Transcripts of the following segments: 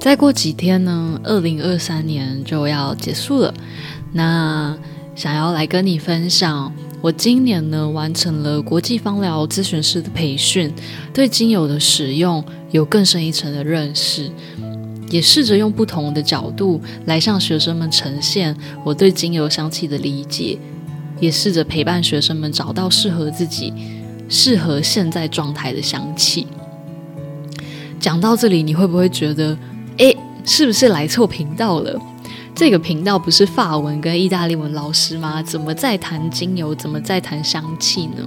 再過幾天呢，二零二三年就要結束了。那想要來跟你分享，我今年呢完成了國際芳療諮詢師的培訓，對精油的使用有更深一層的認識，也試着用不同的角度來向學生們呈現我對精油香氣的理解，也試着陪伴學生們找到適合自己、適合現在狀態的香氣。講到這裡，你會不會覺得？哎，是不是來錯頻道了？這個頻道不是法文跟意大利文老師嗎？怎麼在談精油？怎麼在談香氣呢？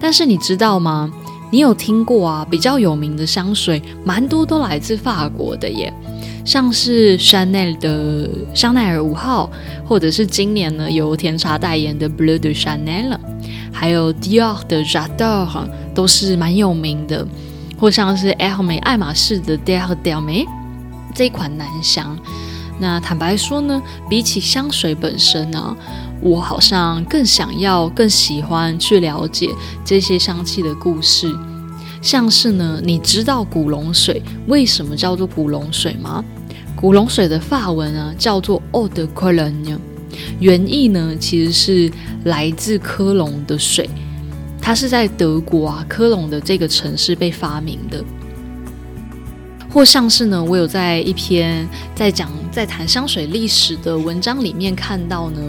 但是你知道嗎？你有聽過啊？比較有名的香水，蠻多都來自法國的耶，像是 Chanel 的香奈兒五號，或者是今年呢由甜茶代言的 Bleu de Chanel，還有 Dior 的 J'adore，都是蠻有名的，或像是 Hermès 愛馬愛馬仕的 d'Hermès。這款男香，那坦白說呢，比起香水本身呢，啊，我好像更想要，更喜歡去了解這些香氣的故事。像是呢，你知道古龍水為什麼叫做古龍水嗎？古龍水的法文啊叫做 “Eau de Cologne”，原意呢其實是來自科隆的水，它是在德國啊科隆的這個城市被發明的。或像是呢，我有在一篇在講在談香水歷史的文章裡面看到呢，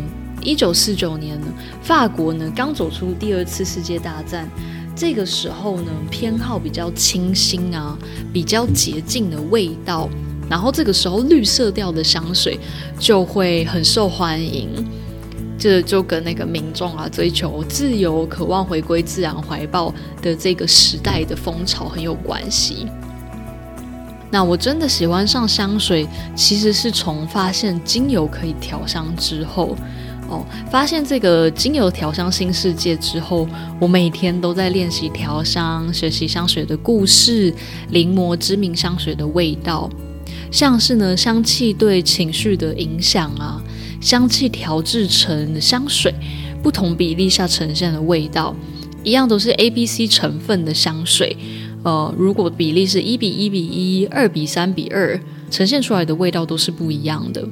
一九四九年呢，法國呢剛走出第二次世界大戰，這個時候呢偏好比較清新啊，比較潔淨的味道，然後這個時候綠色調的香水就會很受歡迎，這就，就跟那個民眾啊追求自由、渴望回歸自然懷抱的這個時代的風潮很有關係。那我真的喜歡上香水，其實是從發現精油可以調香之後，哦，發現這個精油調香新世界之後，我每天都在練習調香，學習香水的故事，臨摹知名香水的味道，像是呢，香氣對情緒的影響啊，香氣調製成香水不同比例下呈現的味道，一樣都是 ABC 成分的香水。呃，如果比例是一比一比一，二比三比二，呈現出來的味道都是不一樣的。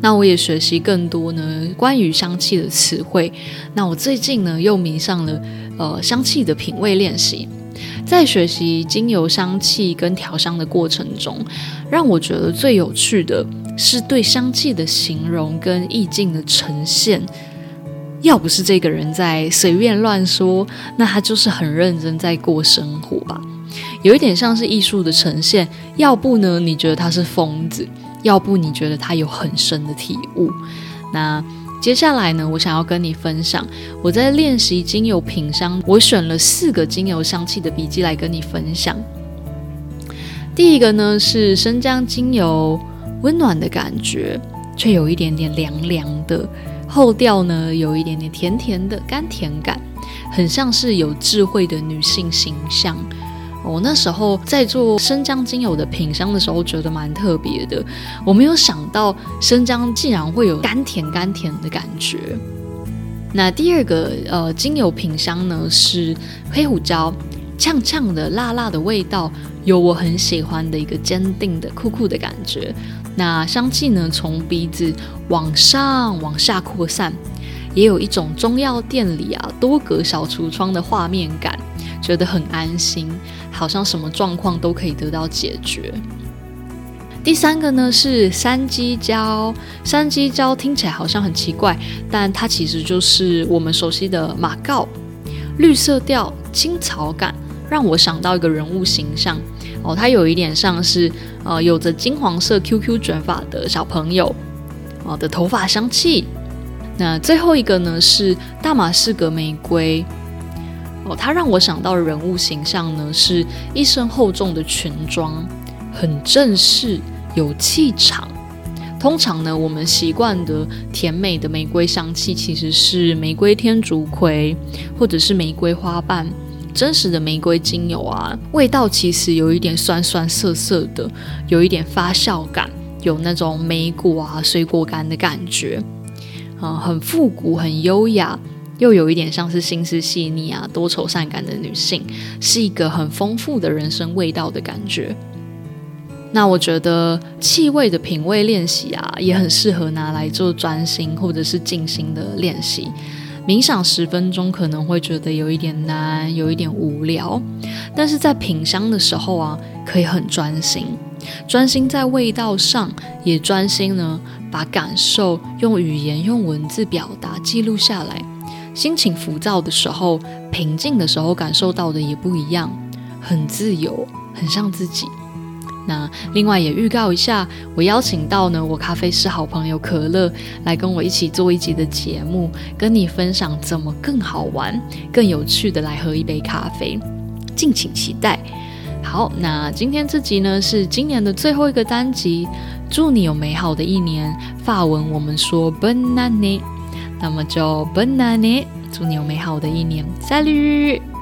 那我也學習更多呢，關於香氣的詞彙。那我最近呢，又迷上了呃，香氣的品味練習。在學習精油香氣跟調香的過程中，讓我覺得最有趣的是對香氣的形容跟意境的呈現。要不是這個人在隨便亂說，那他就是很認真在過生活吧。有一點像是藝術的呈現。要不呢，你覺得他是瘋子；要不你覺得他有很深的體悟。那接下來呢，我想要跟你分享，我在練習精油品香，我選了四個精油香氣的筆記來跟你分享。第一個呢是生薑精油，溫暖的感覺，卻有一點點涼涼的。後調呢，有一點點甜甜的甘甜感，很像是有智慧的女性形象。我那時候在做生薑精油的品香的時候，覺得蠻特別的。我沒有想到生薑竟然會有甘甜甘甜的感覺。那第二個呃，精油品香呢，是黑胡椒，嗆嗆的辣辣的味道，有我很喜歡的一個堅定的酷酷的感覺。那香氣呢，從鼻子往上往下擴散，也有一種中藥店裡啊多格小櫥窗的畫面感，覺得很安心，好像什麼狀況都可以得到解決。第三個呢是山雞椒，山雞椒聽起來好像很奇怪，但它其實就是我們熟悉的馬告，綠色調，青草感，讓我想到一個人物形象。哦，它有一點像是，呃，有着金黃色 QQ 卷髮的小朋友，哦的頭髮香氣。那最後一個呢是大馬士革玫瑰，哦，它讓我想到的人物形象呢是一身厚重的裙裝，很正式，有氣場。通常呢，我們習慣的甜美的玫瑰香氣，其實是玫瑰天竺葵或者是玫瑰花瓣。真實的玫瑰精油啊，味道其實有一點酸酸澀澀的，有一點發酵感，有那種莓果啊、水果乾的感覺，嗯，很復古、很優雅，又有一點像是心思細膩啊、多愁善感的女性，是一個很豐富的人生味道的感覺。那我覺得氣味的品味練習啊，也很適合拿來做專心或者是靜心的練習。冥想十分鐘可能會覺得有一點難，有一點無聊，但是在品香的時候啊，可以很專心，專心在味道上，也專心呢，把感受用語言、用文字表達記錄下來。心情浮躁的時候，平靜的時候感受到的也不一樣，很自由，很像自己。那另外也預告一下，我邀請到呢我咖啡師好朋友可樂來跟我一起做一集的節目，跟你分享怎麼更好玩、更有趣的來喝一杯咖啡，敬請期待。好，那今天這集呢是今年的最後一個單集，祝你有美好的一年。法文我們說 Bonne année 那麼就 Bonne année 祝你有美好的一年。再。a